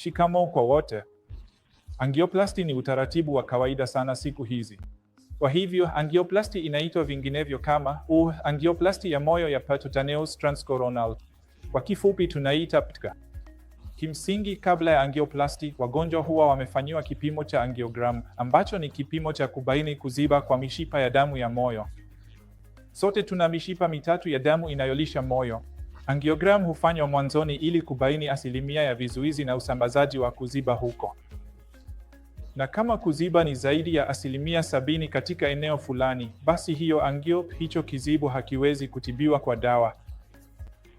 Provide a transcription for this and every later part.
Shikamoo kwa wote. Angioplasti ni utaratibu wa kawaida sana siku hizi. Kwa hivyo angioplasti inaitwa vinginevyo kama uh, angioplasti ya moyo ya percutaneous transcoronal, kwa kifupi tunaita PTCA. Kimsingi, kabla ya angioplasti, wagonjwa huwa wamefanyiwa kipimo cha angiogram ambacho ni kipimo cha kubaini kuziba kwa mishipa ya damu ya moyo. Sote tuna mishipa mitatu ya damu inayolisha moyo. Angiogram hufanywa mwanzoni ili kubaini asilimia ya vizuizi na usambazaji wa kuziba huko. Na kama kuziba ni zaidi ya asilimia sabini katika eneo fulani, basi hiyo angio, hicho kizibo hakiwezi kutibiwa kwa dawa,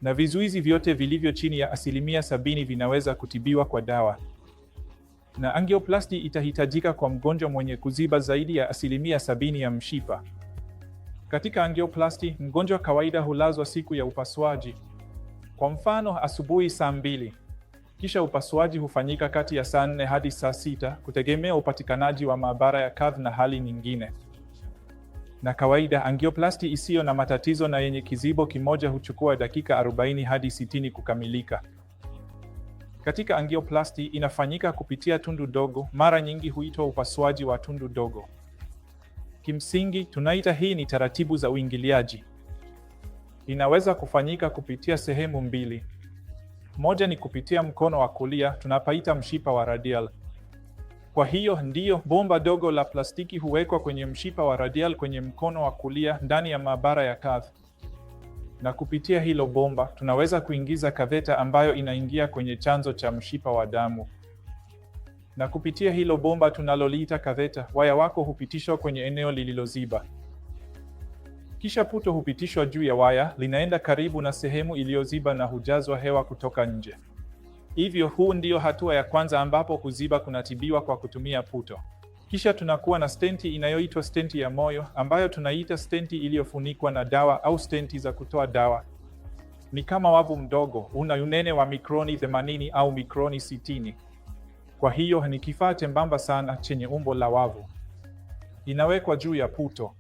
na vizuizi vyote vilivyo chini ya asilimia sabini vinaweza kutibiwa kwa dawa, na angioplasti itahitajika kwa mgonjwa mwenye kuziba zaidi ya asilimia sabini ya mshipa. Katika angioplasti, mgonjwa kawaida hulazwa siku ya upasuaji. Kwa mfano, asubuhi saa mbili, kisha upasuaji hufanyika kati ya saa nne hadi saa sita kutegemea upatikanaji wa maabara ya cath na hali nyingine. Na kawaida angioplasti isiyo na matatizo na yenye kizibo kimoja huchukua dakika 40 hadi 60 kukamilika. Katika angioplasti inafanyika kupitia tundu dogo, mara nyingi huitwa upasuaji wa tundu dogo. Kimsingi tunaita hii ni taratibu za uingiliaji inaweza kufanyika kupitia sehemu mbili. Moja ni kupitia mkono wa kulia, tunapaita mshipa wa radial. Kwa hiyo ndiyo bomba dogo la plastiki huwekwa kwenye mshipa wa radial kwenye mkono wa kulia ndani ya maabara ya cath, na kupitia hilo bomba tunaweza kuingiza kaveta ambayo inaingia kwenye chanzo cha mshipa wa damu na kupitia hilo bomba tunaloliita kaveta, waya wako hupitishwa kwenye eneo lililoziba. Kisha puto hupitishwa juu ya waya, linaenda karibu na sehemu iliyoziba na hujazwa hewa kutoka nje. Hivyo huu ndiyo hatua ya kwanza ambapo kuziba kunatibiwa kwa kutumia puto. Kisha tunakuwa na stenti inayoitwa stenti ya moyo ambayo tunaiita stenti iliyofunikwa na dawa au stenti za kutoa dawa. Ni kama wavu mdogo, una unene wa mikroni 80 au mikroni 60. Kwa hiyo ni kifaa chembamba sana chenye umbo la wavu, inawekwa juu ya puto.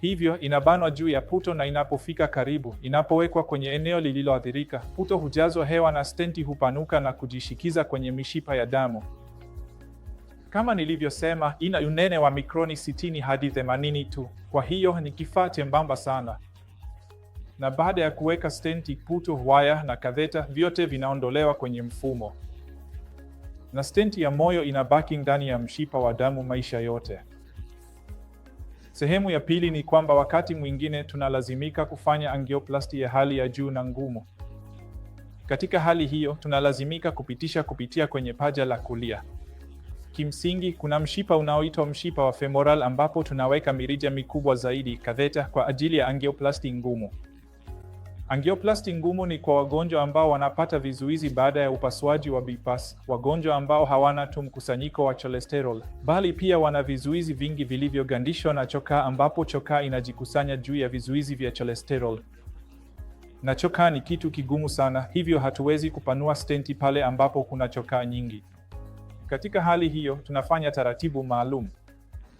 Hivyo inabanwa juu ya puto na inapofika karibu, inapowekwa kwenye eneo lililoathirika, puto hujazwa hewa na stenti hupanuka na kujishikiza kwenye mishipa ya damu. Kama nilivyosema, ina unene wa mikroni 60 hadi 80 tu, kwa hiyo ni kifaa chembamba sana. Na baada ya kuweka stenti, puto, waya na katheta vyote vinaondolewa kwenye mfumo, na stenti ya moyo inabaki ndani ya mshipa wa damu maisha yote. Sehemu ya pili ni kwamba wakati mwingine tunalazimika kufanya angioplasti ya hali ya juu na ngumu. Katika hali hiyo, tunalazimika kupitisha kupitia kwenye paja la kulia. Kimsingi, kuna mshipa unaoitwa mshipa wa femoral ambapo tunaweka mirija mikubwa zaidi katheta kwa ajili ya angioplasti ngumu. Angioplasti ngumu ni kwa wagonjwa ambao wanapata vizuizi baada ya upasuaji wa bypass, wagonjwa ambao hawana tu mkusanyiko wa cholesterol, bali pia wana vizuizi vingi vilivyogandishwa na chokaa, ambapo chokaa inajikusanya juu ya vizuizi vya cholesterol na chokaa ni kitu kigumu sana, hivyo hatuwezi kupanua stenti pale ambapo kuna chokaa nyingi. Katika hali hiyo, tunafanya taratibu maalum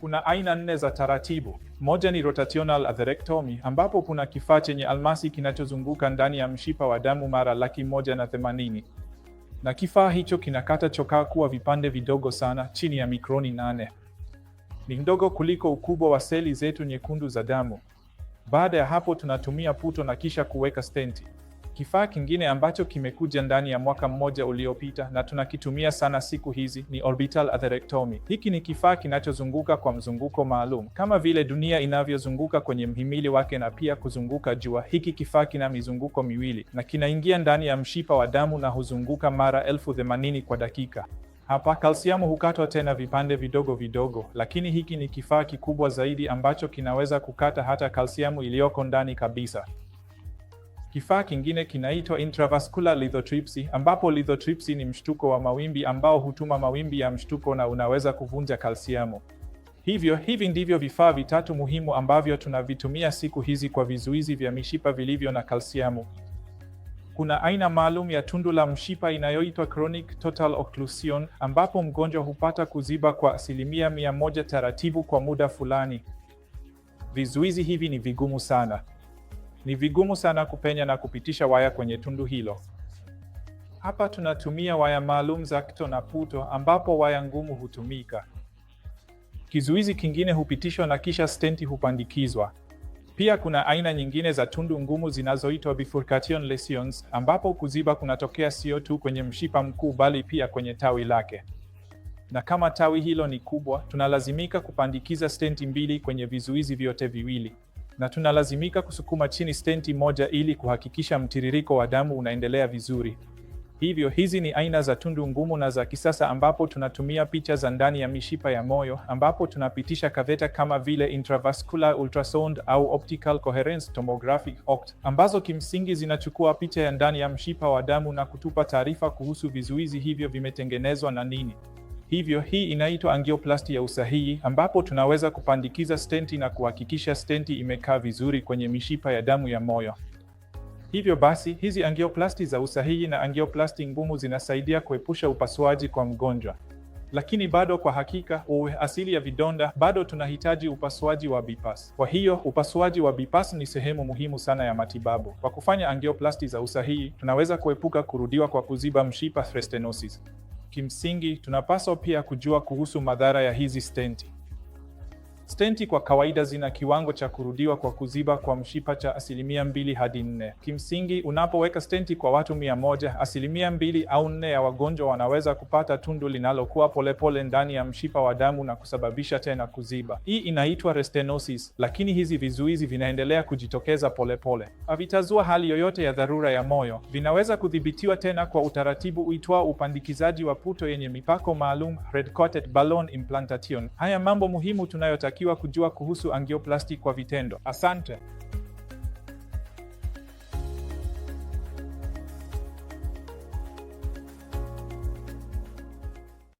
kuna aina nne za taratibu. Moja ni rotational atherectomy, ambapo kuna kifaa chenye almasi kinachozunguka ndani ya mshipa wa damu mara laki moja na themanini na kifaa hicho kinakata chokaa kuwa vipande vidogo sana, chini ya mikroni nane. Ni mdogo kuliko ukubwa wa seli zetu nyekundu za damu. Baada ya hapo, tunatumia puto na kisha kuweka stenti. Kifaa kingine ambacho kimekuja ndani ya mwaka mmoja uliopita na tunakitumia sana siku hizi ni orbital atherectomy. Hiki ni kifaa kinachozunguka kwa mzunguko maalum kama vile dunia inavyozunguka kwenye mhimili wake na pia kuzunguka jua. Hiki kifaa kina mizunguko miwili na kinaingia ndani ya mshipa wa damu na huzunguka mara elfu themanini kwa dakika. Hapa kalsiamu hukatwa tena vipande vidogo vidogo, lakini hiki ni kifaa kikubwa zaidi ambacho kinaweza kukata hata kalsiamu iliyoko ndani kabisa. Kifaa kingine kinaitwa intravascular lithotripsy, ambapo lithotripsy ni mshtuko wa mawimbi ambao hutuma mawimbi ya mshtuko na unaweza kuvunja kalsiamu. Hivyo hivi ndivyo vifaa vitatu muhimu ambavyo tunavitumia siku hizi kwa vizuizi vya mishipa vilivyo na kalsiamu. Kuna aina maalum ya tundu la mshipa inayoitwa chronic total occlusion, ambapo mgonjwa hupata kuziba kwa asilimia mia moja taratibu kwa muda fulani. Vizuizi hivi ni vigumu sana ni vigumu sana kupenya na kupitisha waya kwenye tundu hilo. Hapa tunatumia waya maalum za kito na puto ambapo waya ngumu hutumika. Kizuizi kingine hupitishwa na kisha stenti hupandikizwa. Pia kuna aina nyingine za tundu ngumu zinazoitwa bifurcation lesions ambapo kuziba kunatokea sio tu kwenye mshipa mkuu bali pia kwenye tawi lake. Na kama tawi hilo ni kubwa, tunalazimika kupandikiza stenti mbili kwenye vizuizi vyote viwili na tunalazimika kusukuma chini stenti moja ili kuhakikisha mtiririko wa damu unaendelea vizuri. Hivyo hizi ni aina za tundu ngumu na za kisasa ambapo tunatumia picha za ndani ya mishipa ya moyo ambapo tunapitisha kaveta kama vile intravascular ultrasound au optical coherence tomography OCT, ambazo kimsingi zinachukua picha ya ndani ya mshipa wa damu na kutupa taarifa kuhusu vizuizi hivyo vimetengenezwa na nini. Hivyo hii inaitwa angioplasti ya usahihi, ambapo tunaweza kupandikiza stenti na kuhakikisha stenti imekaa vizuri kwenye mishipa ya damu ya moyo. Hivyo basi, hizi angioplasti za usahihi na angioplasti ngumu zinasaidia kuepusha upasuaji kwa mgonjwa. Lakini bado kwa hakika uwe asili ya vidonda, bado tunahitaji upasuaji wa bypass. Kwa hiyo upasuaji wa bypass ni sehemu muhimu sana ya matibabu. Kwa kufanya angioplasti za usahihi, tunaweza kuepuka kurudiwa kwa kuziba mshipa, stenosis. Kimsingi tunapaswa pia kujua kuhusu madhara ya hizi stenti. Stenti kwa kawaida zina kiwango cha kurudiwa kwa kuziba kwa mshipa cha asilimia mbili hadi nne. Kimsingi, unapoweka stenti kwa watu mia moja, asilimia mbili au nne ya wagonjwa wanaweza kupata tundu linalokuwa polepole ndani ya mshipa wa damu na kusababisha tena kuziba. Hii inaitwa restenosis, lakini hizi vizuizi vinaendelea kujitokeza polepole. Havitazua hali yoyote ya dharura ya moyo. Vinaweza kudhibitiwa tena kwa utaratibu uitwa upandikizaji wa puto yenye mipako maalum, red coated balloon implantation. Haya mambo muhimu tunayo unatakiwa kujua kuhusu angioplasti kwa vitendo. Asante.